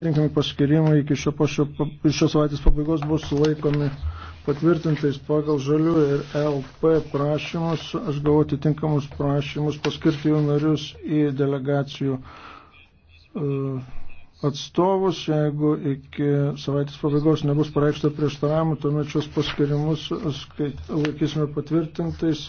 Rinkami paskirimai iki šio, šio, šios savaitės pabaigos bus laikomi patvirtintais pagal žalių ir LP prašymus. Aš gavau atitinkamus prašymus paskirti jų narius į delegacijų uh, atstovus. Jeigu iki savaitės pabaigos nebus pareikšta prieštaravimų, tuomet šios paskirimus skait, laikysime patvirtintais.